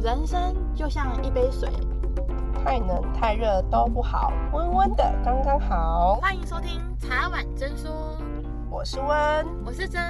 人生就像一杯水，太冷太熱都不好，溫溫的剛剛好。歡迎收聽茶碗蒸說，我是溫，我是真。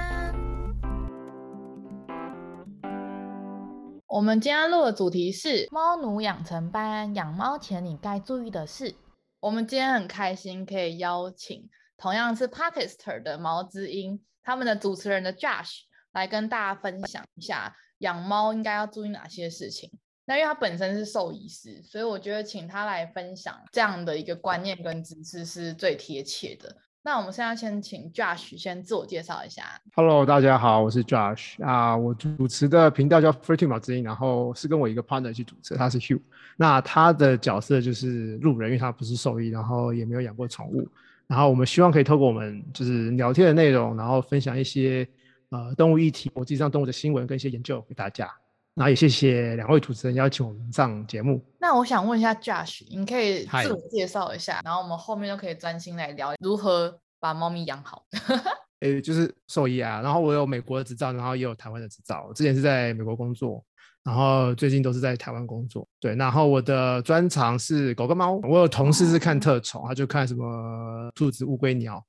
我們今天錄的主題是貓奴養成班，養貓前你該注意的事。我們今天很開心可以邀請同樣是 Podcaster 的毛知音，他們的主持人的 Josh 來跟大家分享一下。養貓應該要注意哪些事情？那因為他本身是獸醫師，所以我覺得請他來分享這樣的一個觀念跟知識是最貼切的。那我們現在先請 Josh 先自我介紹一下。Hello，大家好，我是 Josh 啊、呃。我主持的頻道叫 Furtune 毛知音，然後是跟我一個 partner 去主持，他是 Hugh。那他的角色就是路人，因為他不是獸醫，然後也沒有養過寵物。然後我們希望可以透過我們就是聊天的內容，然後分享一些。呃，動物議題，我介紹動物的新聞跟一些研究給大家。那也謝謝兩位主持人邀請我們上節目。那我想問一下 Josh，你可以自我介紹一下，Hi. 然後我們後面就可以專心來聊如何把貓咪養好。呃、 欸，就是獸醫啊，然後我有美國的執照，然後也有台灣的執照。之前是在美國工作，然後最近都是在台灣工作。對，然後我的專長是狗跟貓。我有同事是看特寵、嗯，他就看什麼兔子、烏龜、鳥。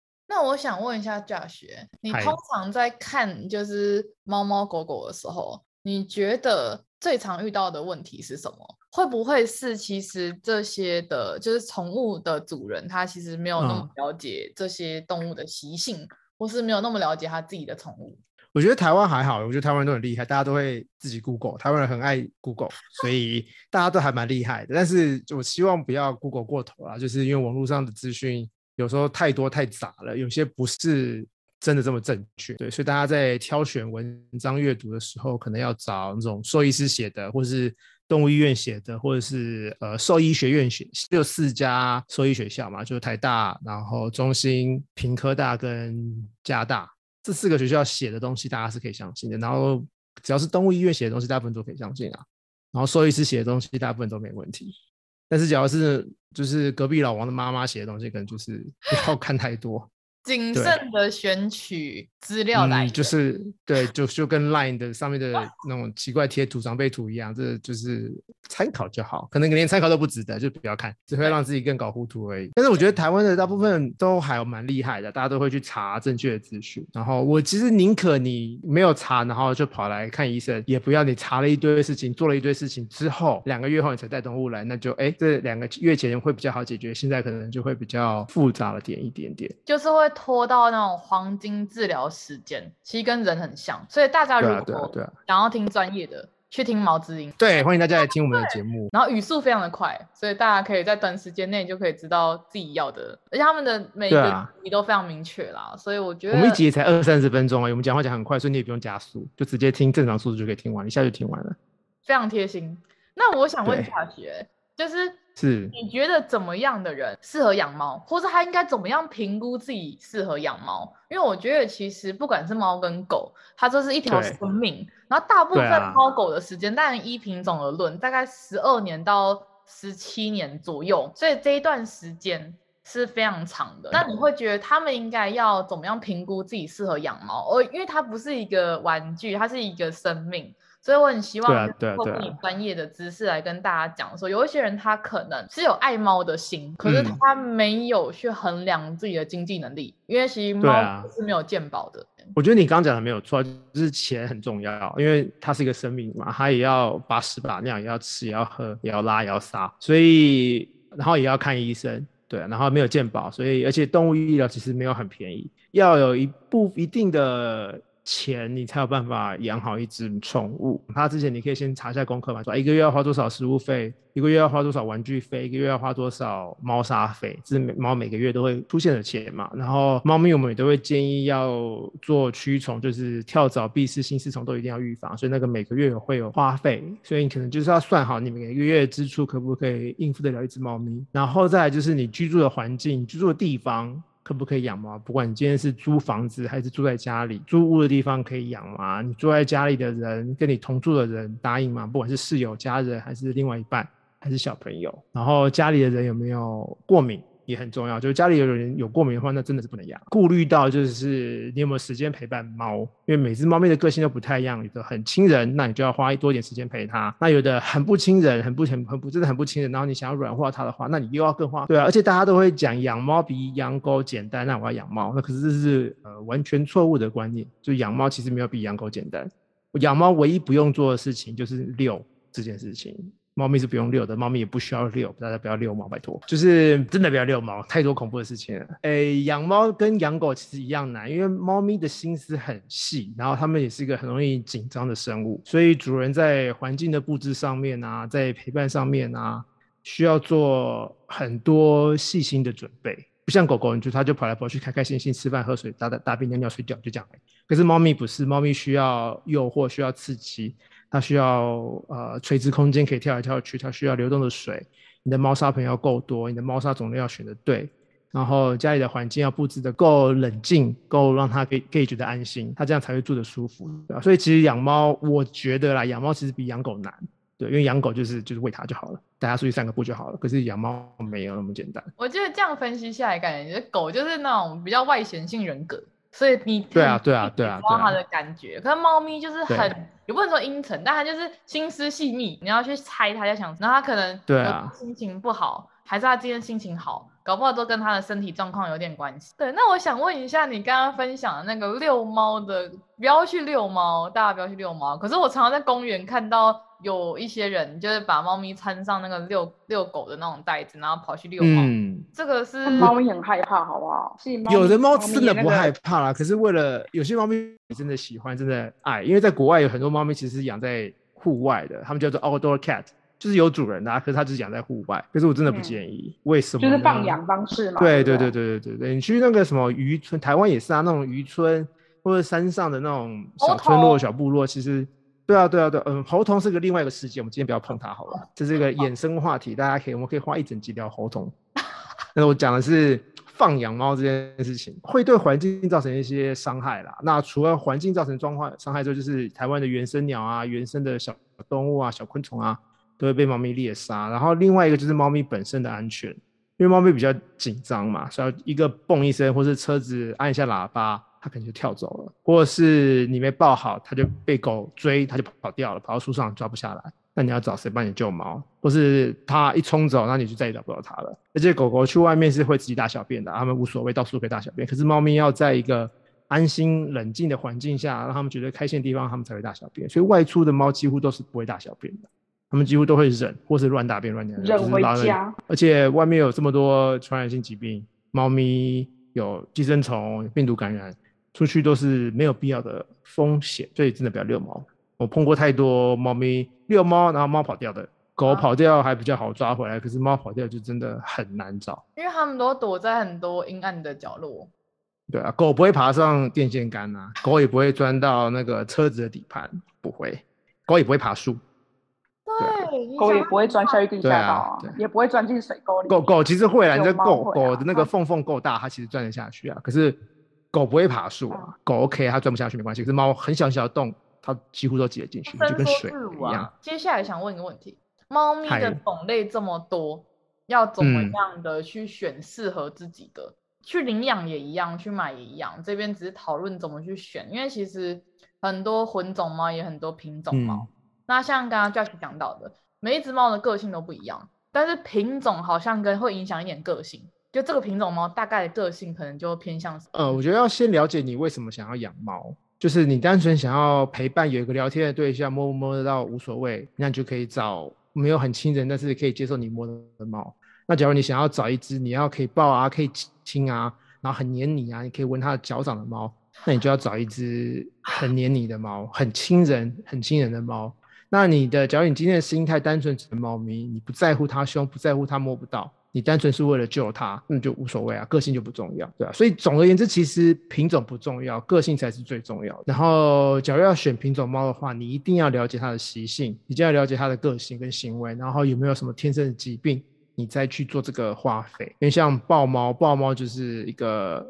我想問一下 Josh，你通常在看就是貓貓狗狗的時候，你覺得最常遇到的問題是什麼？會不會是其實這些的，就是寵物的主人他其實沒有那麼了解這些動物的習性、嗯，或是沒有那麼了解他自己的寵物？我覺得台灣還好，我覺得台灣人都很厲害，大家都會自己 Google，台灣人很愛 Google，所以大家都還蠻厲害的。 但是我希望不要 Google 過頭了、啊，就是因為網絡上的資訊。有時候太多太雜了，有些不是真的這麼正確。對，所以大家在挑選文章閱讀的時候，可能要找那種獸醫師寫的，或者是動物醫院寫的，或者是呃獸醫學院寫。就四家獸醫學校嘛，就是台大，然後中興、屏科大跟嘉大這四個學校寫的東西，大家是可以相信的。然後只要是動物醫院寫的東西，大部分都可以相信啊。然後獸醫師寫的東西，大部分都沒問題。但是，假如是就是隔壁老王的媽媽寫的東西，可能就是不要看太多。 謹慎的選取資料來、嗯，就是對，就就跟 LINE 的上面的那種奇怪貼圖、長輩圖一樣，這就是參考就好，可能連參考都不值得，就不要看，只會讓自己更搞糊塗而已。但是我覺得台灣的大部分都還蠻厲害的，大家都會去查正確的資訊。然後我其實寧可你沒有查，然後就跑來看醫生，也不要你查了一堆事情，做了一堆事情之後，兩個月後你才帶動物來，那就哎、欸，這兩個月前會比較好解決，現在可能就會比較複雜了點一點點，就是會。拖到那種黃金治療時間，其實跟人很像，所以大家如果想要聽專業的、啊啊啊，去聽毛知音。對，歡迎大家來聽我們的節目。然後語速非常的快，所以大家可以在短時間內就可以知道自己要的，而且他們的每一個問、啊、都非常明確啦，所以我覺得我們一集也才二三十分鐘啊，我們講話講很快，所以你也不用加速，就直接聽正常數字就可以聽完，一下就聽完了，非常貼心。那我想問一下 Josh，就是是，你覺得怎麼樣的人適合養貓，是或者他應該怎麼樣評估自己適合養貓？因為我覺得其實不管是貓跟狗，它就是一條生命。然後大部分貓狗的時間，啊、但依品種而論，大概十二年到十七年左右，所以這一段時間是非常長的。那你會覺得他們應該要怎麼樣評估自己適合養貓？而因為它不是一個玩具，它是一個生命。所以我很希望用你專業的知識來跟大家講，說有一些人他可能是有愛貓的心，嗯，可是他沒有去衡量自己的經濟能力，因為其實貓是沒有健保的。我覺得你剛剛講的沒有錯，就是錢很重要，因為它是一個生命嘛，它也要把屎把尿，也要吃，也要喝，也要拉，也要撒，所以然後也要看醫生，對，然後沒有健保，所以而且動物醫療其實沒有很便宜，要有一部一定的。錢你才有辦法養好一只寵物。它之前你可以先查一下功課嘛，是吧，一個月要花多少食物費，一個月要花多少玩具費，一個月要花多少貓砂費，這是貓每個月都會出現的錢嘛。然後貓咪我們也都會建議要做驅蟲，就是跳蚤、壁蝨、心絲蟲都一定要預防，所以那個每個月會有花費，所以你可能就是要算好你每個月的支出可不可以應付得了一只貓咪。然後再來就是你居住的環境、居住的地方。可不可以養貓？不管你今天是租房子還是住在家裡，租屋的地方可以養嗎？你住在家裡的人跟你同住的人答應嗎？不管是室友、家人還是另外一半，還是小朋友，嗯、然後家裡的人有沒有過敏？也很重要，就是家裡有人有過敏的話，那真的是不能養。顧慮到就是你有沒有時間陪伴貓，因為每隻貓咪的個性都不太一樣。有的很親人，那你就要花多點時間陪它；那有的很不親人，很不很很不真的很不親人。然後你想要軟化它的話，那你又要更花。對啊，而且大家都會講養貓比養狗簡單，那我要養貓，那可是這是呃完全錯誤的觀念。就養貓其實沒有比養狗簡單。養貓唯一不用做的事情就是遛這件事情。貓咪是不用遛的，貓咪也不需要遛，大家不要遛貓，拜託，就是真的不要遛貓，太多恐怖的事情。誒，養貓跟養狗其實一樣難，因為貓咪的心思很細，然後它們也是一個很容易緊張的生物，所以主人在環境的布置上面啊，在陪伴上面啊，需要做很多細心的準備。不像狗狗，你就它就跑來跑去，開開心心吃飯喝水，大大大便尿尿睡覺，就這樣。可是貓咪不是，貓咪需要誘惑，需要刺激。它需要呃垂直空間可以跳來跳去，它需要流動的水，你的貓砂盆要夠多，你的貓砂種類要選的對，然後家裡的環境要布置的夠冷靜，夠讓它可以可以覺得安心，它這樣才會住的舒服，對啊。所以其實養貓，我覺得啦，養貓其實比養狗難，對，因為養狗就是就是餵它就好了，帶牠出去散個步就好了，可是養貓沒有那麼簡單。我覺得這樣分析下來，感覺就狗就是那種比較外顯性人格。所以你對啊對啊對啊，摸它、啊啊啊、的感覺、啊啊。可是貓咪就是很，也、啊、不能說陰沉，啊、但它就是心思細膩，你要去猜它在想什麼。它可能對啊心情不好、啊，還是它今天心情好，搞不好都跟它的身體狀況有點關係。對，那我想問一下，你剛剛分享的那個遛貓的，不要去遛貓，大家不要去遛貓。可是我常常在公園看到有一些人，就是把貓咪穿上那個遛遛狗的那種袋子，然後跑去遛貓。嗯。這個是貓咪很害怕，好不好？有的貓真的不害怕啦、啊，那個、可是為了有些貓咪真的喜歡，真的愛，因為在國外有很多貓咪其實是養在戶外的，他們叫做 outdoor cat，就是有主人的、啊，可是它只養在戶外。可是我真的不建議，嗯、為什麼？就是放養方式嘛。對對對對對對對，你去那個什麼漁村，台灣也是啊，那種漁村或者山上的那種小村落、小部落，哦哦、其實對啊對啊對啊，嗯，猴硐是個另外一個世界，我們今天不要碰它好了，這是一個衍生話題，大家可以我們可以花一整集聊猴硐。那我講的是放養貓這件事情會對環境造成一些傷害啦。那除了環境造成狀況傷害之後，就是台灣的原生鳥啊、原生的小動物啊、小昆蟲啊，都會被貓咪獵殺。然後另外一個就是貓咪本身的安全，因為貓咪比較緊張嘛，所以一個蹦一聲，或是車子按一下喇叭，它可能就跳走了；或者是你沒抱好，它就被狗追，它就跑掉了，跑到樹上抓不下來。那你要找誰幫你救貓？或是它一衝走，那你就再也找不到它了。而且狗狗去外面是會自己大小便的，它們無所謂到處都可以大小便。可是貓咪要在一個安心、冷靜的環境下，讓它們覺得開心的地方，它們才會大小便。所以外出的貓幾乎都是不會大小便的，它們幾乎都會忍，或是亂大便、亂尿、就是、忍回家。而且外面有這麼多傳染性疾病，貓咪有寄生蟲、病毒感染，出去都是沒有必要的風險。所以真的不要遛貓。我碰過太多貓咪，遛貓，然後貓跑掉的，狗跑掉還比較好抓回來，啊、可是貓跑掉就真的很難找，因為他們都躲在很多陰暗的角落。對啊，狗不會爬上電線桿吶、啊，狗也不會鑽到那個車子的底盤，不會。狗也不會爬樹。對，狗、啊、也不會鑽下去地下道，也不會鑽進水溝裡。狗狗其實會，狗會啊，這狗狗的那個縫縫夠大，它其實鑽得下去啊。可是狗不會爬樹啊、嗯，狗 OK，它鑽不下去沒關係。可是貓很小很小的洞。它幾乎都擠得進去，就跟,跟水一樣,跟是、啊、一樣。接下來想問一個問題：貓咪的種類這麼多，要怎麼樣的去選適合自己的？嗯、去領養也一樣，去買也一樣。這邊只是討論怎麼去選，因為其實很多混種貓也很多品種貓、嗯。那像剛剛 Josh 講到的，每一只貓的個性都不一樣，但是品種好像跟會影響一點個性。就這個品種貓大概的個性可能就偏向什麼……呃，我覺得要先了解你為什麼想要養貓。就是你單純想要陪伴，有一個聊天的對象，摸不摸得到無所謂，那你就可以找沒有很親人，但是可以接受你摸的貓。那假如你想要找一只你要可以抱啊，可以親啊，然後很黏你啊，你可以聞它的腳掌的貓，那你就要找一只很黏你的貓，很親人、很親人的貓。那你的，假如你今天的心態單純，只能貓咪，你不在乎它兇，不在乎它摸不到。你單純是為了救它，那就無所謂啊，嗯，個性就不重要，對啊。所以總而言之，其實品種不重要，個性才是最重要的。然後，假如要選品種貓的話，你一定要了解它的習性，你就要了解它的個性跟行為，然後有沒有什麼天生的疾病，你再去做這個花費。因為像豹貓，豹貓就是一個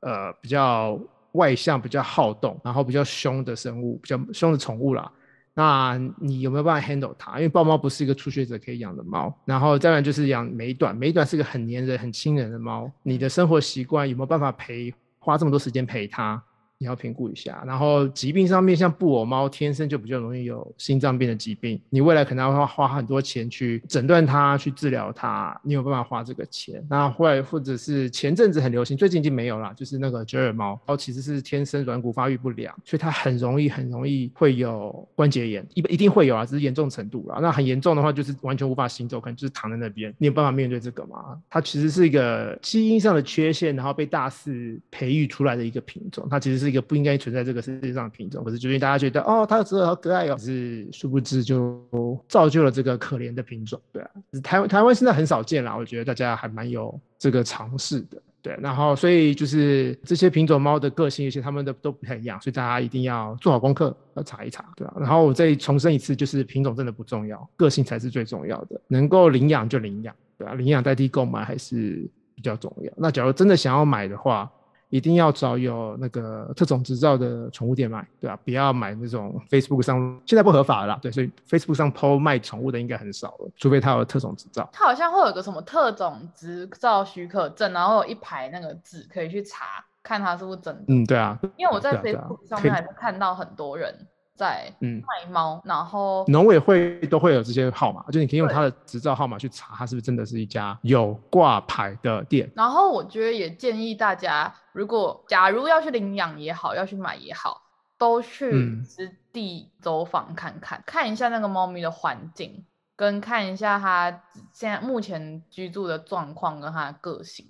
呃比較外向、比較好動，然後比較兇的生物，比較兇的寵物啦。那你有沒有辦法 handle 它？因為豹貓不是一個初學者可以養的貓。然後再來就是養美短，美短是個很黏人、很親人的貓。你的生活習慣有沒有辦法陪，花這麼多時間陪它？你要評估一下，然後疾病上面，像布偶貓天生就比較容易有心臟病的疾病，你未來可能會花很多錢去診斷它、去治療它。你有辦法花這個錢？那或或者是前陣子很流行，最近已經沒有了，就是那個折耳貓，然後其實是天生軟骨發育不良，所以它很容易、很容易會有關節炎，一一定會有啊，只是嚴重程度啦、啊。那很嚴重的話，就是完全無法行走，可能就是躺在那邊。你有辦法面對這個嗎？它其實是一個基因上的缺陷，然後被大肆培育出來的一個品種，它其實是。這個不應該存在這個世界上的品種，可是就是大家覺得哦，它的長得好可愛哦，可是殊不知就造就了這個可憐的品種，對啊。是台台灣現在很少見啦，我覺得大家還蠻有這個嘗試的，對啊。然後所以就是這些品種貓的個性，有些它們的都不太一樣，所以大家一定要做好功課，要查一查，對啊。然後我再重申一次，就是品種真的不重要，個性才是最重要的。能夠領養就領養，對啊。領養代替購買還是比較重要。那假如真的想要買的話，一定要找有那個特種執照的寵物店買，對吧、啊？不要買那種 Facebook 上，現在不合法了啦，對，所以 Facebook 上 PO 賣寵物的應該很少了，除非他有特種執照。他好像會有個什麼特種執照許可證，然後有一排那個字可以去查看他是不是真的。嗯，對啊，因為我在 Facebook 上面、啊啊、還看到很多人。在賣嗯，賣貓，然後農委會都會有這些號碼，就你可以用他的執照號碼去查，他是不是真的是一家有掛牌的店。然後我覺得也建議大家，如果假如要去領養也好，要去買也好，都去實地走訪看看，嗯，看一下那個貓咪的環境，跟看一下它現在目前居住的狀況跟它的個性。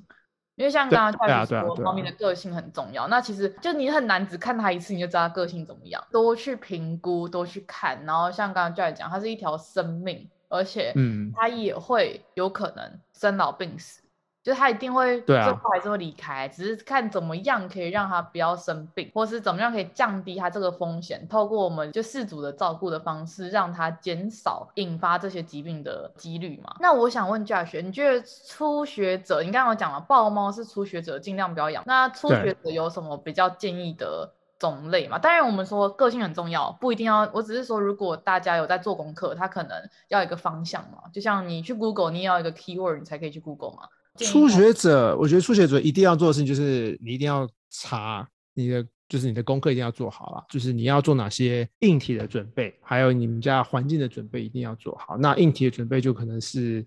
因為像剛剛教練說，貓咪、啊啊啊、的個性很重要。那其實就你很難只看他一次，你就知道他個性怎麼樣。多去評估，多去看。然後像剛剛教練講，它是一條生命，而且他也會有可能生老病死。嗯就是他一定會最後，還是會離開，對啊，只是看怎麼樣可以讓他不要生病，或是怎麼樣可以降低他這個風險，透過我們就飼主的照顧的方式，讓他減少引發這些疾病的幾率嘛。那我想問 Josh，你覺得初學者，你剛剛講了豹貓是初學者盡量不要養，那初學者有什麼比較建議的種類嘛？當然我們說個性很重要，不一定要。我只是說，如果大家有在做功課，他可能要一個方向嘛。就像你去 Google，你要一個 keyword，你才可以去 Google 嘛。初學者，我覺得初學者一定要做的事情就是，你一定要查你的，就是你的功課一定要做好了。就是你要做哪些硬體的準備，還有你們家環境的準備一定要做好。那硬體的準備就可能是，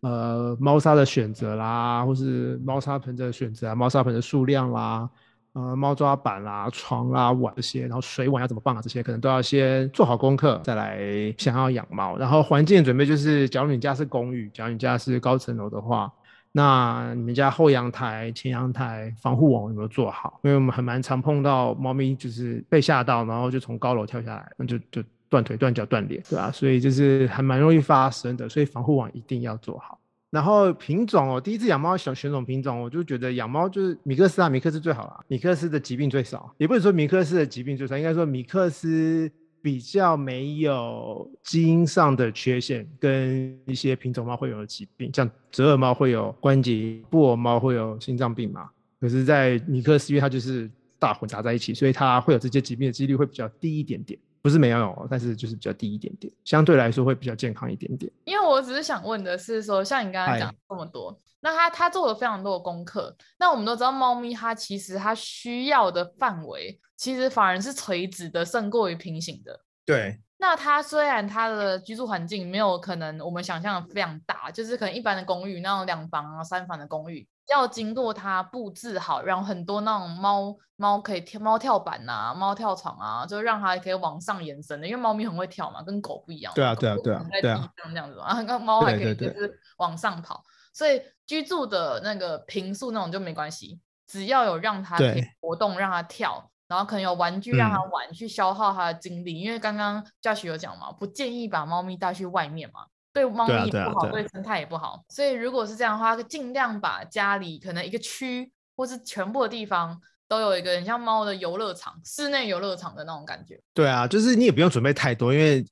呃，貓砂的選擇啦，或是貓砂盆的選擇，貓砂盆的數量啦，呃，貓抓板啦、床啦、碗這些，然後水碗要怎麼放啊，這些可能都要先做好功課再來想要養貓。然後環境的準備就是，假如你家是公寓，假如你家是高層樓的話。那你們家後陽台、前陽台防護網有沒有做好？因為我們很蠻常碰到貓咪就是被嚇到，然後就從高樓跳下來，那就就斷腿、斷腳、斷臉，對吧、啊？所以就是還蠻容易發生的，所以防護網一定要做好。然後品種哦，第一次養貓想選種品種，我就覺得養貓就是米克斯啊，米克斯最好啦。米克斯的疾病最少。也不能說米克斯的疾病最少，應該說米克斯。比較沒有基因上的缺陷，跟一些品種貓會有的疾病，像折耳貓會有關節，布偶貓會有心臟病嘛。可是，在米克斯，因為它就是大混雜在一起，所以它會有這些疾病的幾率會比較低一點點。不是沒有，但是就是比較低一點點，相對來說會比較健康一點點。因為我只是想問的是說，像你剛剛講這麼多，Hi. 那他它做了非常多的功課。那我們都知道，貓咪它其實它需要的範圍其實反而是垂直的，勝過於平行的。對。那它雖然它的居住環境沒有可能我們想象的非常大，嗯，就是可能一般的公寓那種兩房啊、三房的公寓，要經過它佈置好，讓很多那種貓貓可以跳貓跳板啊、貓跳床啊，就讓它可以往上延伸的，因為貓咪很會跳嘛，跟狗不一樣。對啊，對啊，對啊，對啊，在地上這樣子啊，貓還可以就是往上跑，對對對，所以居住的那個坪數那種就沒關係，只要有讓它活動，讓它跳，然後可能有玩具讓它玩，嗯，去消耗它的精力。因為剛剛 Josh 有講嘛，不建議把貓咪帶去外面嘛，對貓咪不好對。啊對啊對啊，對生態也不好。所以如果是這樣的話，盡量把家裡可能一個區或是全部的地方都有一個很像貓的遊樂場，室內遊樂場的那種感覺。對啊，就是你也不用準備太多，因為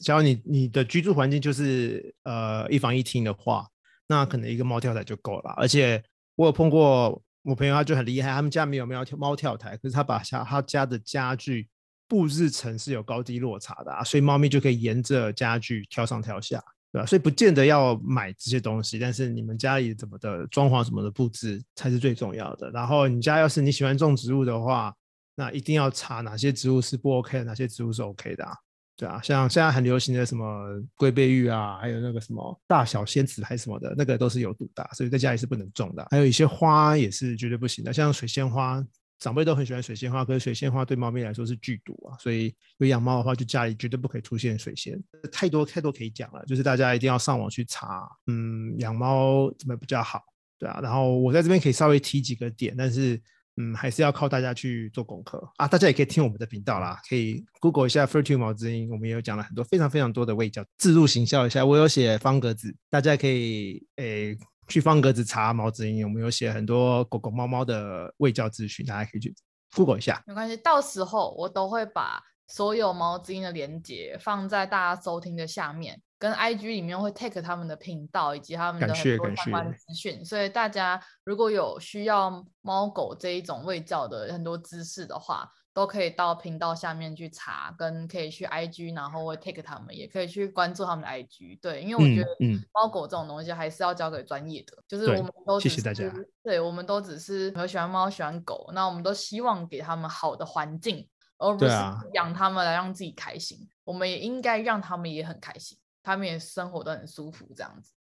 只要你你的居住環境就是呃一房一廳的話，那可能一個貓跳台就夠了。而且我有碰過。我朋友他就很厲害，他們家沒有貓跳貓跳台，可是他把家他家的家具布置成是有高低落差的啊，所以貓咪就可以沿着家具跳上跳下，對吧？所以不見得要買這些東西，但是你們家裡怎麼的裝潢什麼的布置才是最重要的。然後你家要是你喜歡種植物的話，那一定要查哪些植物是不 OK 的，哪些植物是 OK 的啊。對啊，像現在很流行的什麼龜背芋啊，還有那個什麼大小仙子還是什麼的，那個都是有毒的啊，所以在家裡是不能種的。還有一些花也是絕對不行的，像水仙花，長輩都很喜歡水仙花，可是水仙花對貓咪來說是劇毒啊，所以有養貓的話，就家裡絕對不可以出現水仙。太多太多可以講了，就是大家一定要上網去查，嗯，養貓怎麼比較好？對啊，然後我在這邊可以稍微提幾個點，但是。嗯，還是要靠大家去做功課啊！大家也可以聽我們的頻道啦，可以 Google 一下 furtune 毛知音，我們也有講了很多非常非常多的衛教，置入行銷一下，我有寫方格子，大家可以誒、欸、去方格子查毛知音，我們有寫很多狗狗貓貓的衛教資訊，大家可以去 Google 一下。沒關係，到時候我都會把。所有毛知音的連結放在大家收聽的下面，跟 IG 裡面會 take 他們的頻道以及他們的很多相關資訊。感謝感謝。所以大家如果有需要貓狗這一種餵教的很多知識的話，都可以到頻道下面去查，跟可以去 IG，然後會 take 他們，也可以去關注他們的 IG。對，因為我覺得貓狗這種東西還是要交給專業的、嗯。就是我們都是對，謝謝大家對，我們都只是有喜歡貓喜歡狗，那我們都希望給他們好的環境。而、哦、不是養他們來讓自己開心，啊、我們也應該讓他們也很開心，他們也生活得很舒服，這樣子。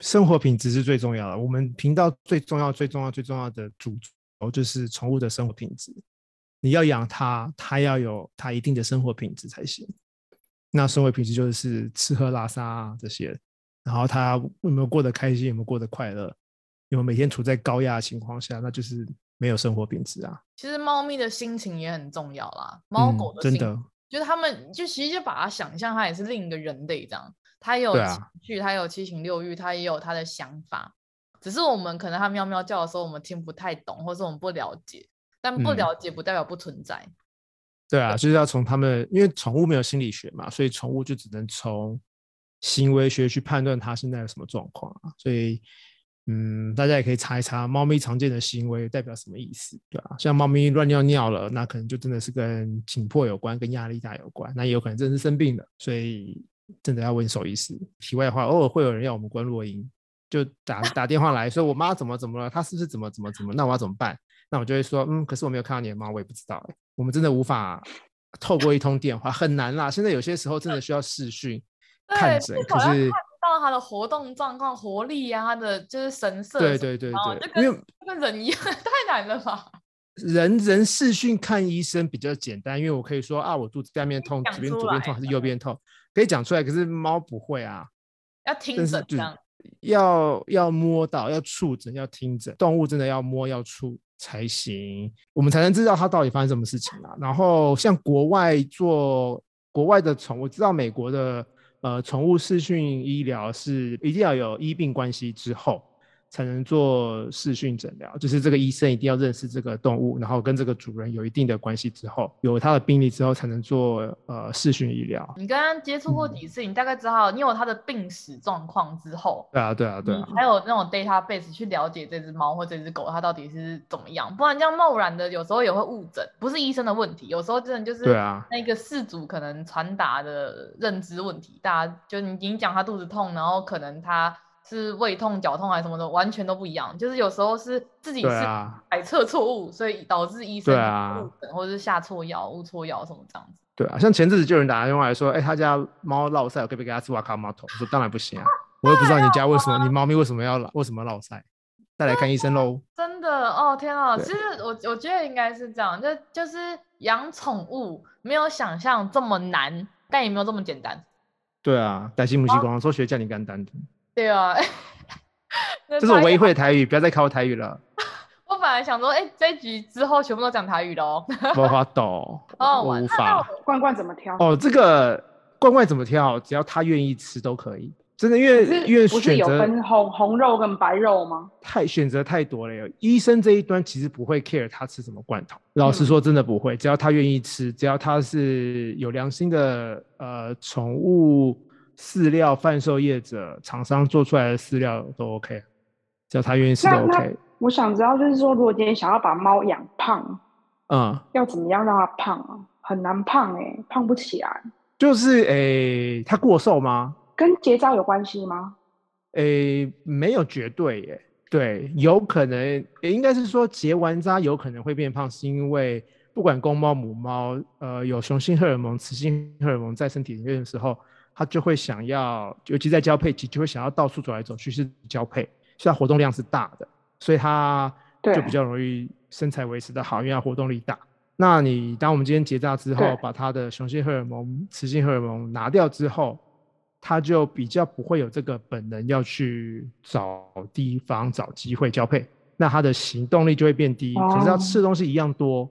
生活品質是最重要的。我們頻道最重要、最重要、最重要的主軸就是寵物的生活品質。你要養它，它要有它一定的生活品質才行。那生活品質就是吃喝拉撒、啊、這些，然後它有沒有過得開心，有沒有過得快樂，有沒有每天處在高壓的情況下，那就是。沒有生活品質啊！其實貓咪的心情也很重要啦。貓、嗯、狗的心情真的，就是他們就其實就把它想象，它也是另一個人類這樣。它也有情緒，它、啊、也有七情六欲，它也有它的想法。只是我們可能它喵喵叫的時候，我們聽不太懂，或是我們不了解。但不了解不代表不存在。嗯、對啊，就是要從他們，因為寵物沒有心理學嘛，所以寵物就只能從行為學去判斷它現在有什麼狀況啊。所以。嗯，大家也可以查一查貓咪常見的行為代表什麼意思，對吧、啊？像貓咪亂尿尿了，那可能就真的是跟緊迫有關，跟壓力大有關，那也有可能真的是生病了，所以真的要問獸醫師。題外話，偶爾會有人要我們關錄音，就打打電話來說，說我媽怎麼怎麼了，她是不是怎麼怎麼怎麼，那我要怎麼辦？那我就會說，嗯，可是我沒有看到你的貓，我也不知道、欸，我們真的無法透過一通電話，很難啦。現在有些時候真的需要視訊看診，可是。它的活動狀況、活力呀，啊，它的就是神色。對對對對，這個、因為跟人一樣，太難了吧？人人視訊看醫生比較簡單，因為我可以說啊，我肚子下面痛，左邊左邊痛還是右邊痛，可以講出來。可是貓不會啊，要聽診，要要摸到，要觸診，要聽診。動物真的要摸要觸才行，我們才能知道它到底發生什麼事情、啊、然後像國外做國外的寵物，我知道美國的。呃，寵物視訊醫療是一定要有醫病關係之後。才能做視訊診療，就是這個醫生一定要認識這個動物，然後跟這個主人有一定的關係之後，有他的病歷之後，才能做呃視訊醫療。你剛剛接觸過幾次、嗯，你大概知道，你有他的病史狀況之後，對啊，對啊、對啊，對啊，還有那種 database 去了解這隻貓或這隻狗它到底是怎麼樣，不然這樣貿然的有時候也會誤診，不是醫生的問題，有時候真的就是那個事主可能傳達的認知問題，啊、大家就你你講他肚子痛，然後可能他。是胃痛、腳痛還是什麼的，完全都不一樣。就是有時候是自己是檢測錯誤，所以導致醫生誤診、啊、或者是下錯藥、誤錯藥什麼這樣子。對啊，像前陣子就有人打電話來說，哎、欸，他家貓落塞，可不可以給他吃瓦卡馬頭？我說當然不行啊， 啊我又不知道你家為什麼，啊、你貓咪為什麼要，為什麼落塞？帶來看醫生嘍、啊。真的哦，天啊，其實我我覺得應該是這樣，就就是養寵物沒有想象這麼難，但也沒有這麼簡單。對啊，戴西木西光、哦、說學教你干單的。對啊， 這是我唯一會的台語，不要再考我台語了。 我本來想說，哎、欸，這一集之後全部都講台語哦、喔，無 法度， 好好玩無法。罐罐怎麼挑？哦，這個罐罐怎麼挑？只要他願意吃都可以，真的，因為因為不是有分紅紅，紅肉跟白肉嗎？太選擇太多了。醫生這一端其實不會 care 他吃什麼罐頭，嗯、老實說真的不會。只要他願意吃，只要他是有良心的呃寵物，飼料販售業者廠商做出來的飼料都 OK，只要他願意吃都 OK。我想知道就是說，如果今天想要把貓養胖，嗯，要怎麼樣讓它胖啊？很難胖哎、欸，胖不起來。就是哎，它、欸、過瘦嗎？跟結紮有關係嗎？哎、欸，沒有絕對哎、欸，對，有可能、欸、應該是說結完扎有可能會變胖，是因為不管公貓母貓，呃，有雄性荷爾蒙、雌性荷爾蒙在身體裡面的時候。它就會想要，尤其在交配期，就會想要到處走來走去是交配，所以他活動量是大的，所以它就比較容易身材維持得好，因為他活動力大。那你當我們今天結紮之後，把它的雄性荷爾蒙、雌性荷爾蒙拿掉之後，它就比較不會有這個本能要去找地方、找機會交配，那它的行動力就會變低，哦。可是他吃東西一樣多，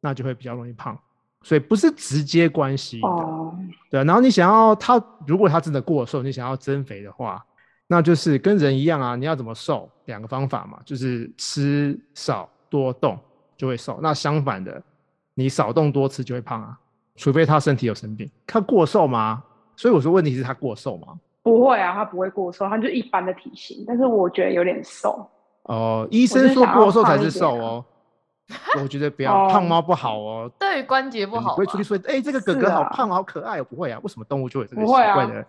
那就會比較容易胖。所以不是直接關係的，哦、對，然後你想要他，如果他真的過瘦，你想要增肥的話，那就是跟人一樣啊。你要怎麼瘦？兩個方法嘛，就是吃少多動就會瘦。那相反的，你少動多吃就會胖啊。除非他身體有生病，他過瘦嗎？所以我說，問題是他過瘦嗎？不會啊，他不會過瘦，他就一般的體型，但是我覺得有點瘦。哦，啊、醫生說過瘦才是瘦哦。我覺得不要胖，貓不好哦，對，對關節不好。不會出去說，哎、欸，這個哥哥好胖，啊、好可愛、哦。不會啊，為什麼動物就有這個奇怪的、啊？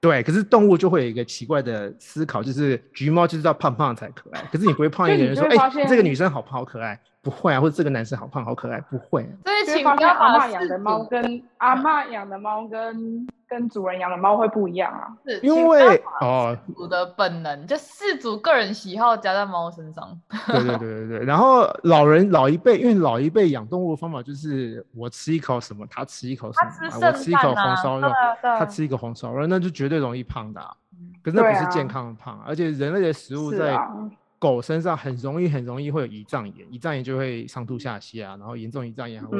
對，可是動物就會有一個奇怪的思考，就是橘貓就是要胖胖才可愛。可是你不會胖一個人說，哎、 欸，這個女生好胖，好可愛。不會啊，或者這個男生好胖，好可愛，不會、啊。所以請不要、就是、阿嬤養的貓跟，跟阿嬤養的貓跟、嗯、跟主人養的貓會不一樣啊。因為哦，主的本能就是飼主個人喜好加在貓身上。對對對對對。 然後老人老一輩，因為老一輩養動物的方法就是我吃一口什麼，他吃一口什麼、啊他啊，我吃一口紅燒肉、嗯，他吃一口紅燒肉，那就絕對容易胖的、啊。可是那不是健康的胖、啊，而且人類的食物在。狗身上很容易很容易會有胰臟炎，胰臟炎就會上吐下瀉啊，然後嚴重胰臟炎還會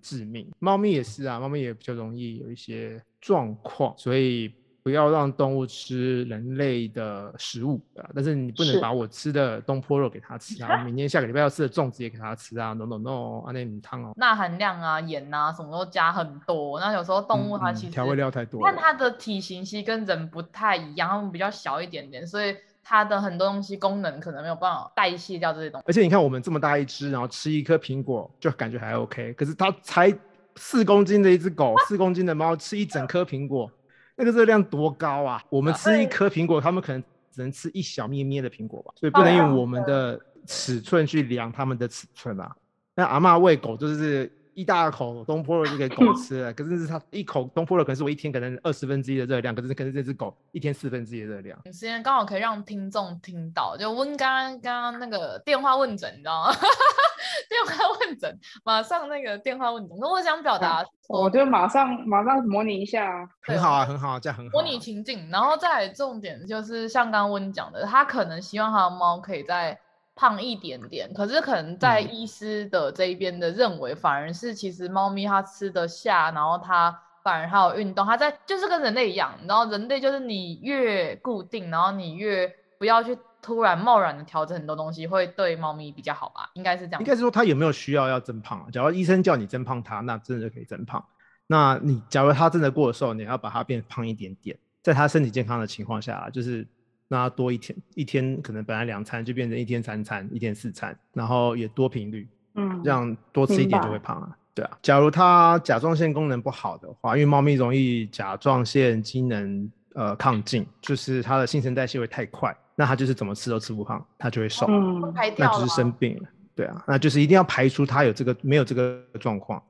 致命。貓、嗯、咪也是啊，貓咪也比較容易有一些狀況，所以不要讓動物吃人類的食物啊。但是你不能把我吃的東坡肉給它吃啊，明天下個禮拜要吃的粽子也給它吃啊 ，no no no，湯哦，鈉含量啊、鹽吶、啊、什麼都加很多，那有時候動物它其實調、嗯嗯、味料太多，但它的體型其實跟人不太一樣，它們比較小一點點，所以。它的很多東西功能可能沒有辦法代謝掉這些東西，而且你看我們這麼大一只，然後吃一顆蘋果就感覺還 OK，可是它才四公斤的一只狗，四、啊、公斤的貓吃一整顆蘋果，啊、那個熱量多高啊！啊我們吃一顆蘋果，它們可能只能吃一小咩咩的蘋果吧，所以不能用我們的尺寸去量它們的尺寸啊。那阿嬤餵狗就是。一大口東坡肉就給狗吃了，嗯、可是它是一口東坡肉，可是我一天可能二十分之一的熱量，可是可是這只狗一天四分之一的熱量。時間剛好可以讓聽眾聽到，就溫剛剛剛剛那個電話問診，你知道嗎？ 電話問診，馬上那個電話問診。那我想表達、嗯哦嗯，我就馬上馬上模擬一下、啊、很好啊，很好、啊，這樣很好、啊。模擬情境，然後再重點就是像剛剛溫講的，他可能希望他的貓可以在。胖一點點，可是可能在醫師的這一邊的認為，嗯，反而是其實貓咪它吃得下，然後它反而還有運動，它在就是跟人類一樣，然後人類就是你越固定，然後你越不要去突然貿然的調整很多東西，會對貓咪比較好吧？應該是這樣，應該是說它有沒有需要要增胖啊？假如醫生叫你增胖它，那真的就可以增胖。那你假如它真的過瘦，你要把它變胖一點點，在它身體健康的情況下啊，就是。那多一天一天可能本來兩餐就變成一天三餐，餐一天四餐，然後也多頻率，嗯，這樣多吃一點就會胖啊，對啊。假如它甲狀腺功能不好的話，因為貓咪容易甲狀腺機能呃亢進，嗯，就是它的新陳代謝會太快，那它就是怎麼吃都吃不胖，它就會瘦，嗯，那就是生病了，對啊，那就是一定要排除它有這個沒有這個狀況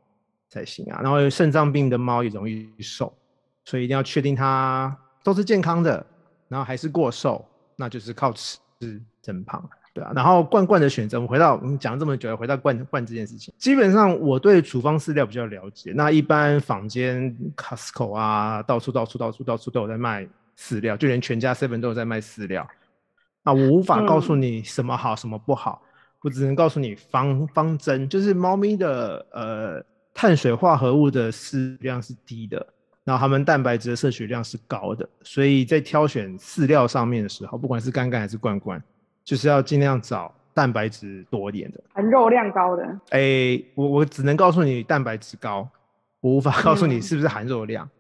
才行啊。然後腎臟病的貓也容易瘦，所以一定要確定它都是健康的。然後還是過瘦，那就是靠吃增胖，對啊。然後罐罐的選擇，我們回到我們、嗯、講了這麼久，回到罐罐這件事情。基本上我對處方飼料比較了解，那一般坊間 Costco 啊，到處到處到處到處都有在賣飼料，就連全家 Seven 都有在賣飼料。那我無法告訴你什麼好什麼不好，我只能告訴你方方針，就是貓咪的呃碳水化合物的飼料是低的。然後他們蛋白質的攝取量是高的，所以在挑選飼料上面的時候，不管是干乾還是罐罐，就是要盡量找蛋白質多一點的，含肉量高的。哎、欸，我我只能告訴你蛋白質高，我無法告訴你是不是含肉量、嗯，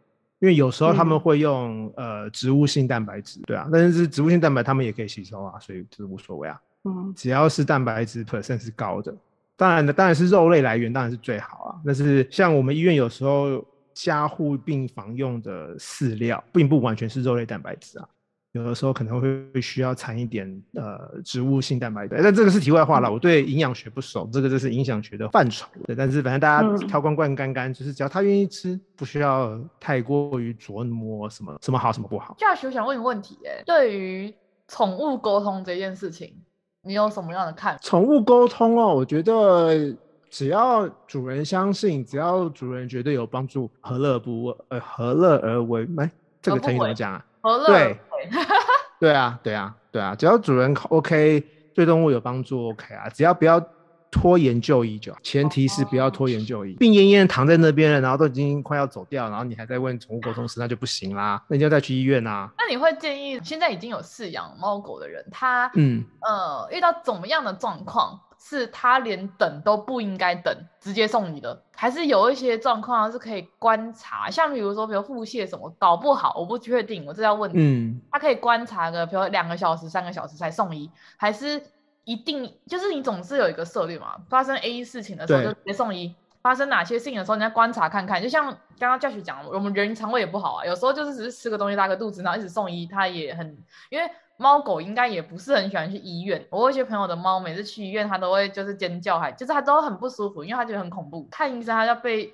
因為有時候他們會用、嗯、呃植物性蛋白質，對啊，但是植物性蛋白他們也可以吸收啊，所以就無所謂啊。嗯，只要是蛋白質 percent 是高的，當然的，當然是肉類來源當然是最好啊。但是像我們醫院有時候。家畜病房用的飼料並不完全是肉類蛋白質啊，有的時候可能會需要摻一點呃植物性蛋白質，但這個是題外話了，嗯。我對營養學不熟，這個就是營養學的範疇。對，但是反正大家挑光罐乾干，就是只要他願意吃，不需要太過於琢磨什麼什麼好什麼不好。j o 我想問你問題哎，對於寵物溝通這件事情，你有什麼樣的看法？寵物溝通哦，啊，我覺得。只要主人相信，只要主人覺得有幫助，何樂不呃何樂而為？來，這個成語怎麼講啊？何樂？對， 對、啊，對啊，對啊，對啊！只要主人 OK，對動物有幫助 OK 啊，只要不要拖延就醫就好。前提是不要拖延就醫，哦，病懨懨躺在那邊了，然後都已經快要走掉，然後你還在問寵物溝通師那就不行啦，那你就要帶去醫院啊。那你會建議現在已經有飼養貓狗的人，他嗯呃遇到怎麼樣的狀況？是他連等都不應該等，直接送你的，還是有一些狀況是可以觀察，像比如說比如腹瀉什麼，搞不好我不確定，我這要問。嗯。他可以觀察個比如兩個小時、三個小時才送醫，還是一定就是你總是有一個策略嘛？發生 A 事情的時候就直接送醫，發生哪些事情的時候你要觀察看看，就像剛剛 Josh 講的，我們人腸胃也不好啊，有時候就是只是吃個東西拉個肚子，然後一直送醫他也很因為。貓狗應該也不是很喜歡去醫院。我有些朋友的貓每次去醫院，它都會就是尖叫還，還就是它都很不舒服，因為它覺得很恐怖。看醫生它要被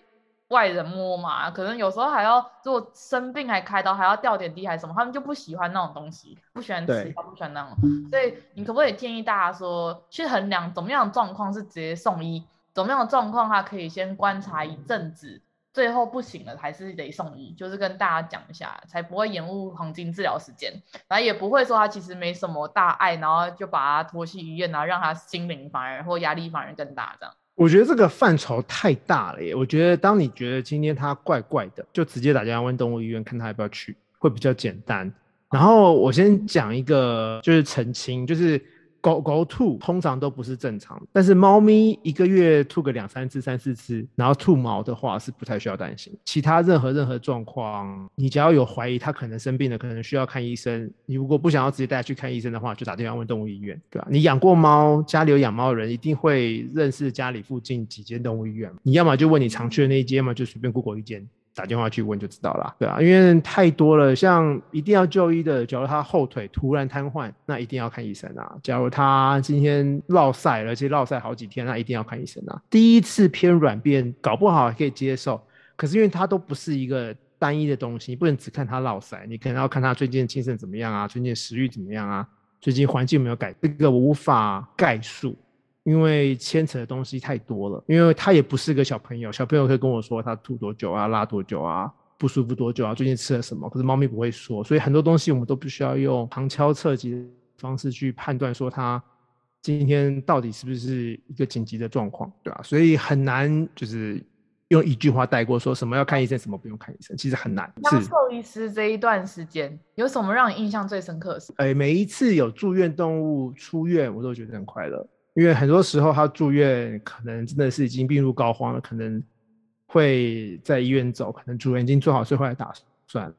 外人摸嘛，可能有時候還要，如果生病還開刀，還要吊點滴，還什麼，他們就不喜歡那種東西，不喜歡吃，它不喜歡那種。所以你可不可以建議大家說，去衡量怎麼樣的狀況是直接送醫，怎麼樣的狀況它可以先觀察一陣子？嗯最後不行了，還是得送醫，就是跟大家講一下，才不會延誤黃金治療時間，然後也不會說他其實沒什麼大礙，然後就把他拖去醫院，然後讓他心靈反而或壓力反而更大這樣。我覺得這個範疇太大了耶，我覺得當你覺得今天他怪怪的，就直接打電話問動物醫院，看他要不要去，會比較簡單。然後我先講一個，就是澄清，就是。狗狗吐通常都不是正常，但是貓咪一個月吐個兩三次、三四次，然後吐毛的話是不太需要擔心。其他任何任何狀況，你只要有懷疑它可能生病了，可能需要看醫生。你如果不想要直接帶它去看醫生的話，就打電話問動物醫院，對吧？對啊，你養過貓，家裡有養貓的人一定會認識家裡附近幾間動物醫院。你要麼就問你常去的那一間，要麼就隨便 Google 一間。打電話去問就知道了，對啊，因為太多了。像一定要就醫的，假如他後腿突然癱瘓，那一定要看醫生啊。假如他今天落曬了，而且落曬好幾天，那一定要看醫生啊。第一次偏軟便，搞不好還可以接受，可是因為他都不是一個單一的東西，你不能只看他落曬，你可能要看他最近精神怎麼樣啊，最近食慾怎麼樣啊，最近環境有沒有改，這個無法概述。因為牽扯的東西太多了，因為他也不是個小朋友，小朋友可以跟我說他吐多久啊、拉多久啊、不舒服多久啊、最近吃了什麼，可是貓咪不會說，所以很多東西我們都不需要用旁敲側擊的方式去判斷說他今天到底是不是一個緊急的狀況，對吧、啊？所以很難就是用一句話帶過，說什麼要看醫生，什麼不用看醫生，其實很難。當獸醫師這一段時間，有什麼讓你印象最深刻的事？哎、欸，每一次有住院動物出院，我都覺得很快樂。因為很多時候他住院，可能真的是已經病入膏肓了，可能會在醫院走，可能主人已經做好最後的打算。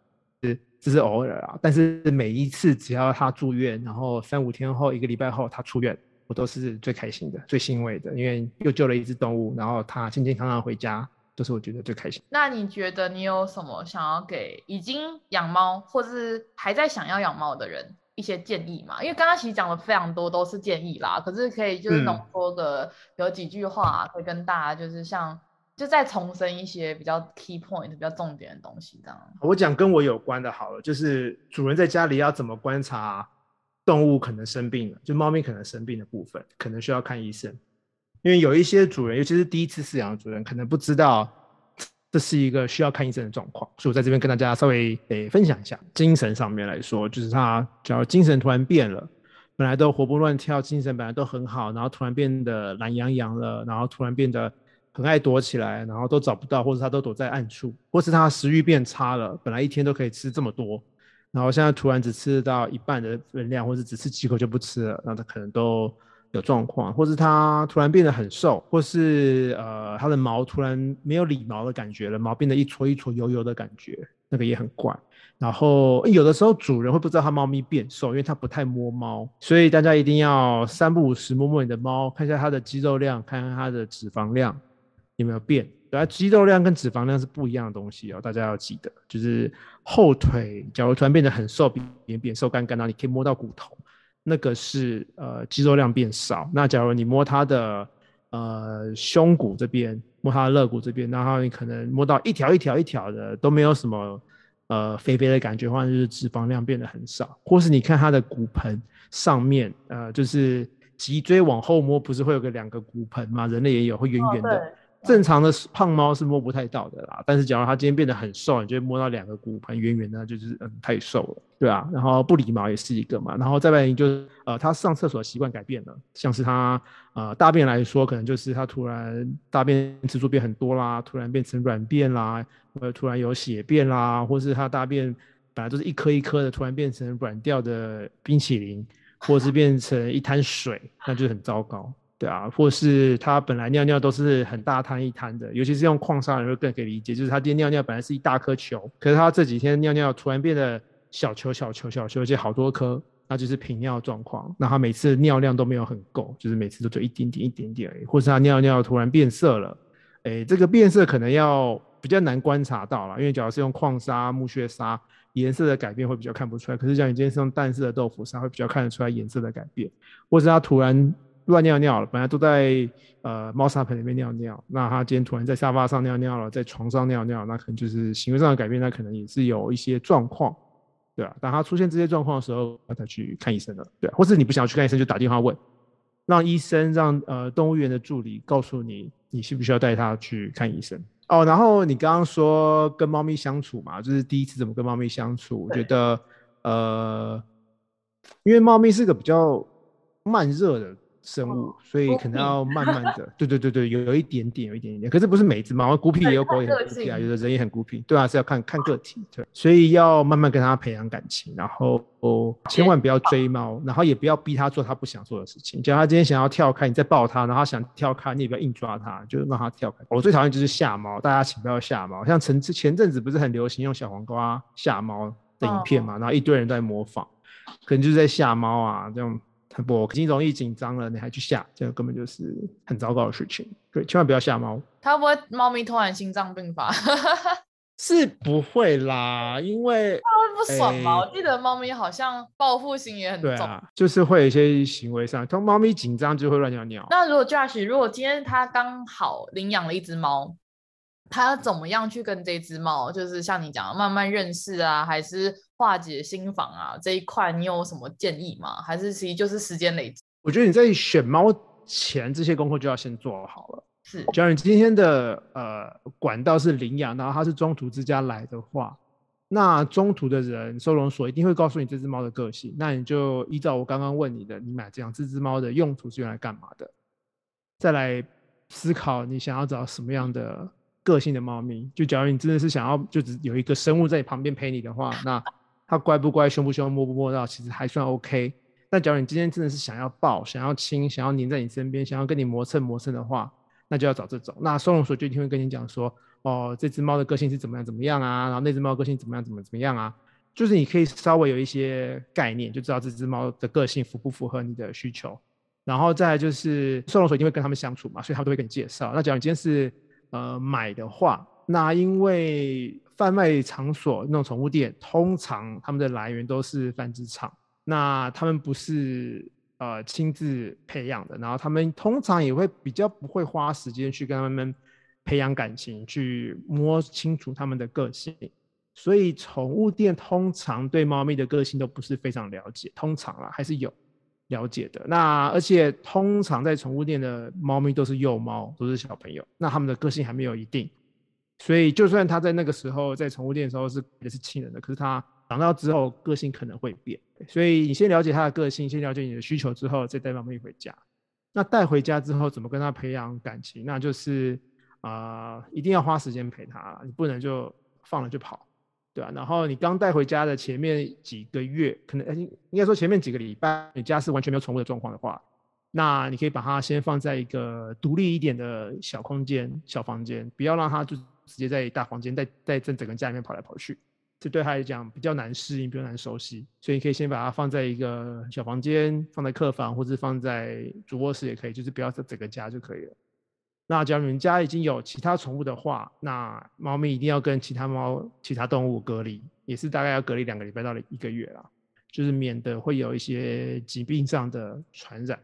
是，這是偶爾啊。但是每一次只要他住院，然後三五天後、一個禮拜後他出院，我都是最開心的、最欣慰的，因為又救了一只動物，然後他健健康康的回家，都、就是我覺得最開心。那你覺得你有什麼想要給已經養貓，或是還在想要養貓的人？一些建議嘛，因為剛剛其實講了非常多都是建議啦，可是可以就是濃縮個、嗯、有幾句話、啊，可以跟大家就是像就再重申一些比較 key point、比較重點的東西這樣。我講跟我有關的好了，就是主人在家裡要怎麼觀察動物可能生病了，就貓咪可能生病的部分，可能需要看醫生，因為有一些主人，尤其是第一次飼養的主人，可能不知道。這是一個需要看醫生的狀況，所以我在這邊跟大家稍微得分享一下。精神上面來說，就是他只要精神突然變了，本來都活蹦亂跳，精神本來都很好，然後突然變得懶洋洋了，然後突然變得很愛躲起來，然後都找不到，或者他都躲在暗處，或是他食慾變差了，本來一天都可以吃這麼多，然後現在突然只吃到一半的份量，或是只吃幾口就不吃了，那他可能都。的狀況，或是它突然變得很瘦，或是呃它的毛突然沒有理毛的感覺了，毛變得一撮一撮油油的感覺，那個也很怪。然後、欸、有的時候主人會不知道他貓咪變瘦，因為他不太摸貓，所以大家一定要三不五時摸摸你的貓，看一下它的肌肉量，看看它的脂肪量有沒有變。對啊，肌肉量跟脂肪量是不一樣的東西哦，大家要記得，就是後腿，假如突然變得很瘦，扁扁瘦乾乾，然後你可以摸到骨頭。那個是呃肌肉量變少，那假如你摸他的呃胸骨這邊，摸他的肋骨這邊，然後你可能摸到一條一條一條的都沒有什麼呃肥肥的感覺的話，或者就是脂肪量變得很少，或是你看他的骨盆上面，呃就是脊椎往後摸，不是會有個兩個骨盆嗎？人類也有會圓圓的。哦正常的胖貓是摸不太到的啦，但是假如它今天變得很瘦，你就會摸到兩個骨盆圓圓的，就是嗯太瘦了，對啊。然後不理毛也是一個嘛，然後再不然就是呃它上廁所的習慣改變了，像是它呃大便來說，可能就是它突然大便次數變很多啦，突然變成軟便啦，或者突然有血便啦，或是它大便本來都是一顆一顆的，突然變成軟掉的冰淇淋，或是變成一灘水，那就很糟糕。對啊，或是他本來尿尿都是很大灘一灘的，尤其是用礦砂的人會更可以理解，就是他今天尿尿本來是一大顆球，可是他這幾天尿尿突然變得小球、小球、小球，而且好多顆，那就是頻尿狀況。那他每次尿量都沒有很夠，就是每次都就一點點、一點點而已。或是他尿尿突然變色了，哎、欸，這個變色可能要比較難觀察到了，因為假如是用礦砂、木屑砂，顏色的改變會比較看不出來。可是像你今天是用淡色的豆腐砂，會比較看得出來顏色的改變，或是他突然亂尿尿了，本來都在呃貓砂盆裡面尿尿，那他今天突然在沙發上尿尿了，在床上尿尿，那可能就是行為上的改變，那可能也是有一些狀況，對啊，當他出現這些狀況的時候，要他去看醫生了，對啊，或者你不想要去看醫生，就打電話問，讓醫生讓呃動物園的助理告訴你，你需不需要帶他去看醫生哦。然後你剛剛說跟貓咪相處嘛，就是第一次怎麼跟貓咪相處，我覺得呃，因為貓咪是一個比較慢熱的。生物，所以可能要慢慢的， 對對對對，有有一點點，有一點點，可是不是每隻貓孤僻，也有狗也很孤僻啊，有的人也很孤僻，對啊，是要看看個體，對，所以要慢慢跟它培養感情，然後千萬不要追貓，然後也不要逼它做它不想做的事情，假如它今天想要跳開，你再抱它，然後他想跳開，你也不要硬抓它，就讓它跳開。我最討厭就是嚇貓，大家請不要嚇貓，像前前陣子不是很流行用小黃瓜嚇貓的影片嘛，哦，然後一堆人在模仿，可能就是在嚇貓啊，這樣。不，你容易緊張了，你還去嚇，這樣根本就是很糟糕的事情。對，千萬不要嚇貓。它會不會，貓咪突然心臟病發？ 是不會啦，因為它會不爽嗎？我、欸、記得貓咪好像報復心也很重。對啊、就是會有一些行為上，它貓咪緊張就會亂尿尿。那如果 Josh，如果今天他剛好領養了一只貓，他要怎麼樣去跟這只貓，就是像你講，慢慢認識啊，還是？化解心防啊，這一塊，你有什麼建議嗎？還是其實就是時間累積？我覺得你在選貓前，這些功課就要先做好了。是，假如你今天的呃管道是領養，然後它是中途之家來的話，那中途的人收容所一定會告訴你這隻貓的個性。那你就依照我剛剛問你的，你買這樣這隻貓的用途是用來幹嘛的？再來思考你想要找什麼樣的個性的貓咪。就假如你真的是想要就只有一個生物在你旁邊陪你的話，那。 它乖不乖，凶不凶，摸不摸到，其實還算 OK。但假如你今天真的是想要抱，想要親，想要黏在你身邊，想要跟你磨蹭磨蹭的話，那就要找這種。那收容所就一定會跟你講說，哦，這隻貓的個性是怎麼樣怎麼樣啊，然後那隻貓的個性怎麼樣怎麼怎麼樣啊，就是你可以稍微有一些概念，就知道這隻貓的個性符不符合你的需求。然後再來就是，收容所一定會跟他們相處嘛，所以他們都會給你介紹。那假如你今天是呃買的話，那因為販賣場所那種寵物店，通常他們的來源都是繁殖場，那他們不是呃親自培養的，然後他們通常也會比較不會花時間去跟他們培養感情，去摸清楚他們的個性，所以寵物店通常對貓咪的個性都不是非常了解，通常啊還是有了解的。那而且通常在寵物店的貓咪都是幼貓，都是小朋友，那他們的個性還沒有一定。所以，就算他在那個時候在寵物店的時候是也是親人的，可是他長大之後個性可能會變。所以你先了解他的個性，先了解你的需求之後再帶貓咪回家。那帶回家之後怎麼跟他培養感情？那就是啊、呃，一定要花時間陪他，你不能就放了就跑，對吧、啊？然後你剛帶回家的前面幾個月，可能應該說前面幾個禮拜，你家是完全沒有寵物的狀況的話，那你可以把它先放在一個獨立一點的小空間、小房間，不要讓它就。直接在大房間，在在整整個家裡面跑來跑去，這對他來講比較難適應，比較難熟悉，所以你可以先把它放在一個小房間，放在客房或者放在主臥室也可以，就是不要在整個家就可以了。那假如你們家已經有其他寵物的話，那貓咪一定要跟其他貓、其他動物隔離，也是大概要隔離兩個禮拜到一個月啦，就是免得會有一些疾病上的傳染。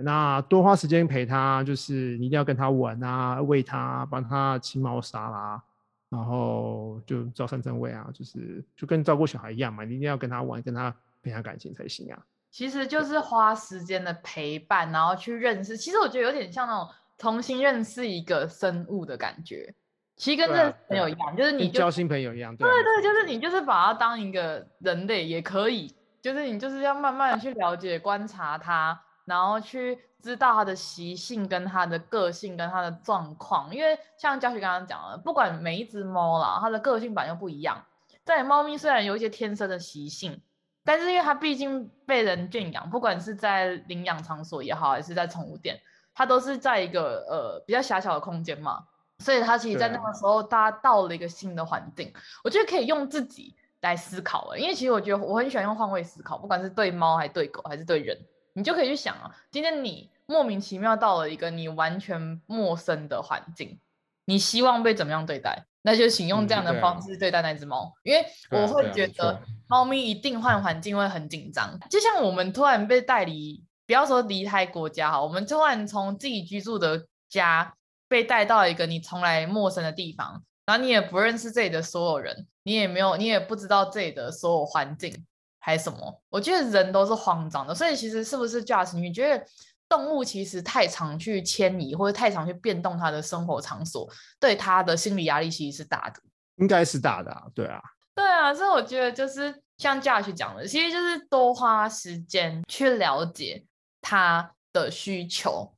那多花時間陪他，就是你一定要跟他玩啊，餵他，幫他清貓砂啦，然後就照三餐餵啊，就是就跟照顧小孩一樣嘛，你一定要跟他玩，跟他培養感情才行啊。其實就是花時間的陪伴，然後去認識。其實我覺得有點像那種重新認識一個生物的感覺，其實跟認識朋友一樣，啊、就是你就交新朋友一樣。對、啊、對，對，對，對，就是你就是把它當一個人類也可以，就是你就是要慢慢去了解、觀察它。然後去知道它的習性、跟它的個性、跟它的狀況，因為像佳學剛剛講了，不管每一隻貓啦，它的個性本來就不一樣。在貓咪雖然有一些天生的習性，但是因為它畢竟被人圈養，不管是在領養場所也好，還是在寵物店，它都是在一個呃比較狹小的空間嘛，所以它其實在那個時候大家到了一個新的環境，我覺得可以用自己來思考了，因為其實我覺得我很喜歡用換位思考，不管是對貓還是對狗還是對人。你就可以去想啊，今天你莫名其妙到了一個你完全陌生的環境，你希望被怎麼樣對待？那就請用這樣的方式對待那只貓，嗯、對啊、因為我會覺得貓咪一定換環境會很緊張。對啊、對啊、對啊、就像我們突然被帶離，不要說離開國家哈，我們突然從自己居住的家被帶到一個你從來陌生的地方，然後你也不認識這裡的所有人，你也沒有，你也不知道這裡的所有環境。還是什麼？我覺得人都是慌張的，所以其實是不是 Josh，你覺得動物其實太常去遷移或者太常去變動它的生活場所，對它的心理壓力其實是大的，應該是大的啊，對啊，對啊。所以我覺得就是像 Josh 講的，其實就是多花時間去了解它的需求。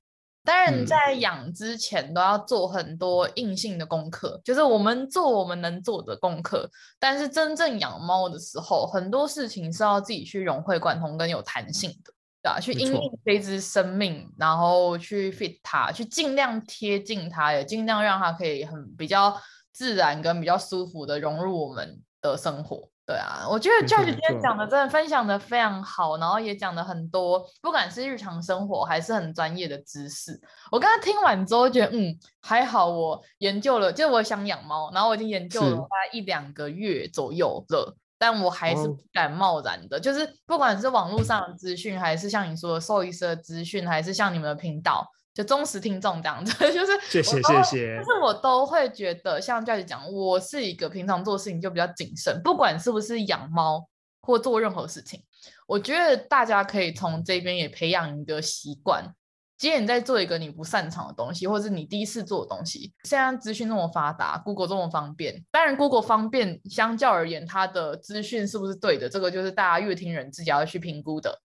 當然，在養之前都要做很多硬性的功課，嗯，就是我們做我們能做的功課。但是真正養貓的時候，很多事情是要自己去融會貫通跟有彈性的，對吧？啊，去因應這一隻生命，然後去 fit 它，去盡量貼近它，也盡量讓它可以很比較自然跟比較舒服的融入我們的生活。對啊，我覺得教 u 今天講的真的分享的非常好，啊、然後也講的很多，不管是日常生活還是很專業的知識。我剛剛聽完之後覺得，嗯，還好。我研究了，就是我想養貓，然後我已經研究了大概一兩個月左右了，但我還是不敢貿然的、wow，就是不管是網絡上的資訊，還是像你說獸醫社資訊，還是像你們的頻道。就忠實聽眾這樣子，就是謝謝謝謝。就是我都會覺得，謝謝像這樣子講。我是一個平常做事情就比較謹慎，不管是不是養貓或做任何事情，我覺得大家可以從這邊也培養一個習慣。即使你在做一個你不擅長的東西，或是你第一次做的東西，現在資訊那麼發達，Google 這麼方便，當然 Google 方便，相較而言，它的資訊是不是對的，這個就是大家越聽人自己要去評估的。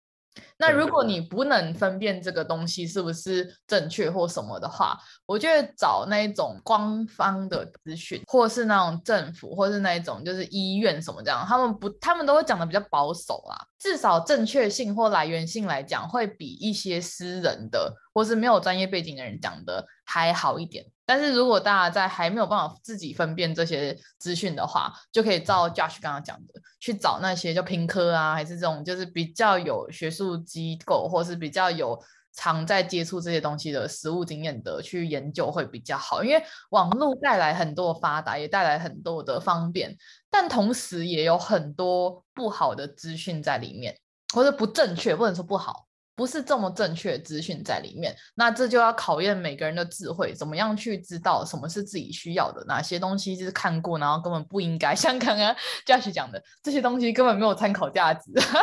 那如果你不能分辨這個東西是不是正確，或什麼的話，我覺得找那種官方的資訊，或是那種政府，或是那一種就是醫院什麼這樣，他們不，他們都會講的比較保守啦、啊。至少正確性或來源性來講，會比一些私人的或是沒有專業背景的人講的還好一點。但是如果大家在還沒有辦法自己分辨這些資訊的話，就可以照 Josh 剛剛講的，去找那些就評科啊，還是這種就是比較有學術機構，或是比較有。常在接觸這些東西的實務經驗的去研究會比較好，因為網絡帶來很多發達，也帶來很多的方便，但同時也有很多不好的資訊在裡面，或者不正確，不能說不好，不是這麼正確的資訊在裡面。那這就要考驗每個人的智慧，怎麼樣去知道什麼是自己需要的，哪些東西就是看過然後根本不應該。像剛剛 Josh 講的，這些東西根本沒有參考價值。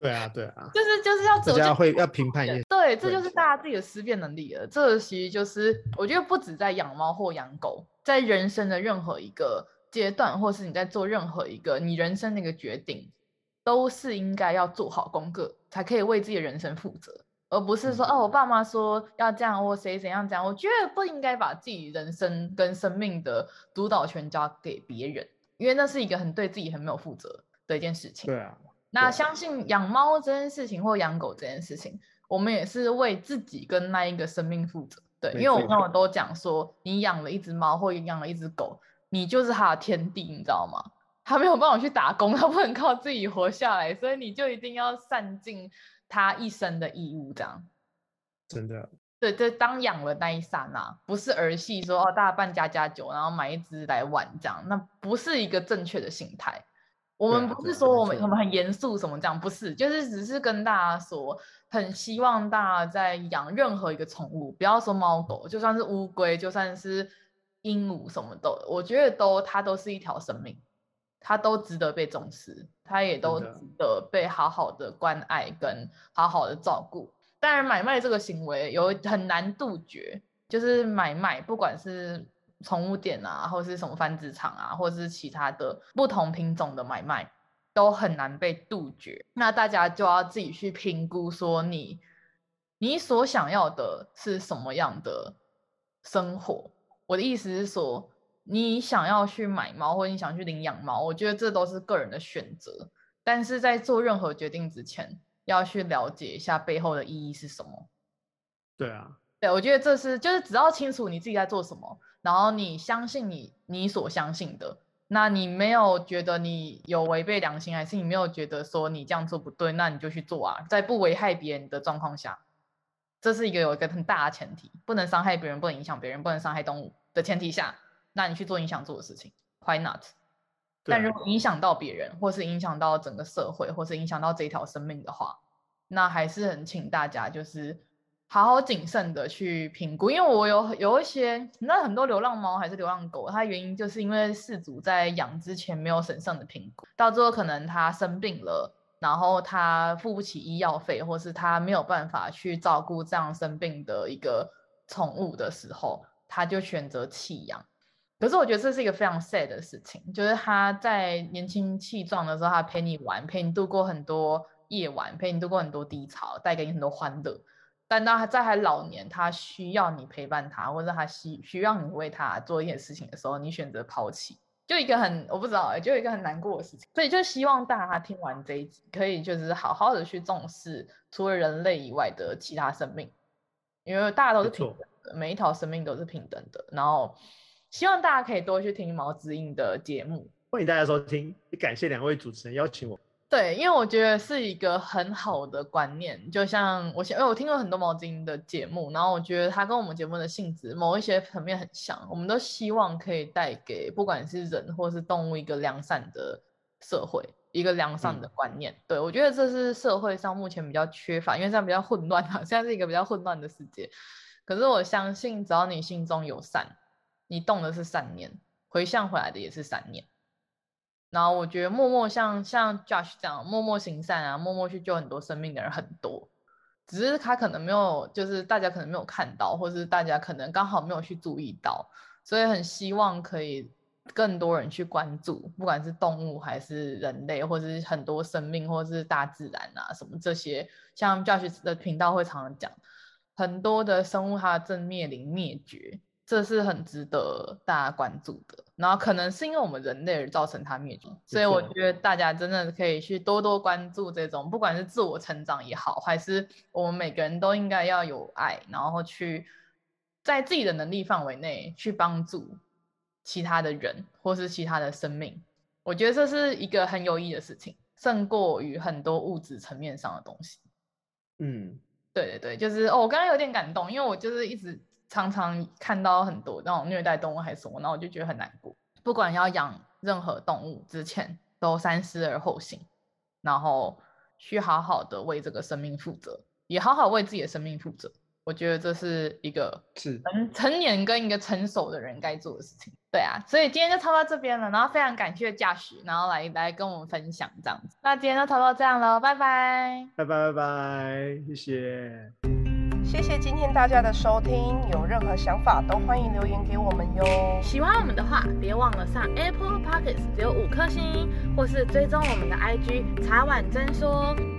對啊，對啊，就是就是要大就會要評判一下。對，對，這就是大家自己的思辨能力了。這其實就是我覺得不止在養貓或養狗，在人生的任何一個階段，或是你在做任何一個你人生的一個決定，都是應該要做好功課，才可以為自己的人生負責，而不是說、嗯、哦，我爸媽說要這樣，或誰誰要這樣，我覺得不應該把自己人生跟生命的主導權交給別人，因為那是一個很對自己很沒有負責的一件事情。對啊。那相信養貓這件事情或養狗這件事情，我們也是為自己跟那一個生命負責。對，因為我朋友都講說，你養了一隻貓或養了一隻狗，你就是它的天地，你知道嗎？它沒有辦法去打工，它不能靠自己活下來，所以你就一定要善盡它一生的義務，這樣。真的。對，對，當養了那一霎那，不是兒戲。說哦，大家辦家家酒，然後買一隻來玩這樣，那不是一個正確的心態。我們不是說我們我們很嚴肅什麼這樣，不是，就是只是跟大家說，很希望大家在養任何一個寵物，不要說貓狗，就算是烏龜，就算是鸚鵡，什麼都，我覺得都它都是一條生命，它都值得被重視，它也都值得被好好的關愛跟好好的照顧。當然，買賣這個行為有很難杜絕，就是買賣，不管是。寵物店啊，或是什麼繁殖場啊，或者是其他的不同品種的買賣，都很難被杜絕。那大家就要自己去評估，說你你所想要的是什麼樣的生活。我的意思是說，你想要去買貓，或者你想去領養貓，我覺得這都是個人的選擇。但是在做任何決定之前，要去了解一下背後的意義是什麼。對啊，對，我覺得這是，就是只要清楚你自己在做什麼。然後你相信你你所相信的，那你沒有覺得你有違背良心，還是你沒有覺得說你這樣做不對，那你就去做啊，在不危害別人的狀況下，這是一個有一個很大的前提，不能傷害別人，不能影響別人，不能傷害動物的前提下，那你去做你想做的事情，Why not？但如果影響到別人，或是影響到整個社會，或是影響到這一條生命的話，那還是很請大家就是。好好謹慎的去評估，因為我有有一些，那很多流浪貓還是流浪狗，它的原因就是因為飼主在養之前沒有審慎的評估，到最後可能它生病了，然後它付不起醫藥費，或是它沒有辦法去照顧這樣生病的一個寵物的時候，他就選擇棄養。可是我覺得這是一個非常 sad 的事情，就是他在年輕氣壯的時候，他陪你玩，陪你度過很多夜晚，陪你度過很多低潮，帶給你很多歡樂。但當他在他老年，他需要你陪伴他，或者他需需要你為他做一些事情的時候，你選擇拋棄，就一個很我不知道、欸，就一個很難過的事情。所以就希望大家聽完這一集，可以就是好好的去重視除了人類以外的其他生命，因為大家都是平等的，每一條生命都是平等的。然後希望大家可以多去聽毛知音的節目，歡迎大家收聽，也感謝兩位主持人邀請我。對，因為我覺得是一個很好的觀念，就像我想，因為我聽過很多毛知音的節目，然後我覺得它跟我們節目的性質某一些層面很像，我們都希望可以帶給不管是人或是動物一個良善的社會，一個良善的觀念。嗯、對，我覺得這是社會上目前比較缺乏，因為現在比較混亂哈，現在是一個比較混亂的世界。可是我相信，只要你心中有善，你動的是善念，回向回來的也是善念。然後我覺得默默像像 Josh 這樣默默行善啊，默默去救很多生命的人很多，只是他可能沒有，就是大家可能沒有看到，或是大家可能剛好沒有去注意到，所以很希望可以更多人去關注，不管是動物還是人類，或是很多生命，或是大自然啊什麼這些。像 Josh 的頻道會常常講，很多的生物它正面臨滅絕。這是很值得大家關注的，然後可能是因為我們人類而造成它滅絕，就是，所以我覺得大家真的可以去多多關注這種，不管是自我成長也好，還是我們每個人都應該要有愛，然後去在自己的能力範圍內去幫助其他的人或是其他的生命，我覺得這是一個很有益的事情，勝過於很多物質層面上的東西。嗯，對對對，就是哦，我剛剛有點感動，因為我就是一直。常常看到很多那種虐待動物還是什麼，那我就覺得很難過。不管要養任何動物之前，都三思而後行，然後去好好的為這個生命負責，也好好為自己的生命負責。我覺得這是一個是成年跟一個成熟的人該做的事情。對啊，所以今天就聊到這邊了。然後非常感謝 Josh，然後來來跟我們分享這樣子。那今天就聊到這樣嘍，拜拜。拜拜拜拜，謝謝。謝謝今天大家的收聽，有任何想法都歡迎留言給我們喲。喜歡我們的話，別忘了上 Apple Podcast 只有五顆星，或是追蹤我們的 IG 茶碗蒸說。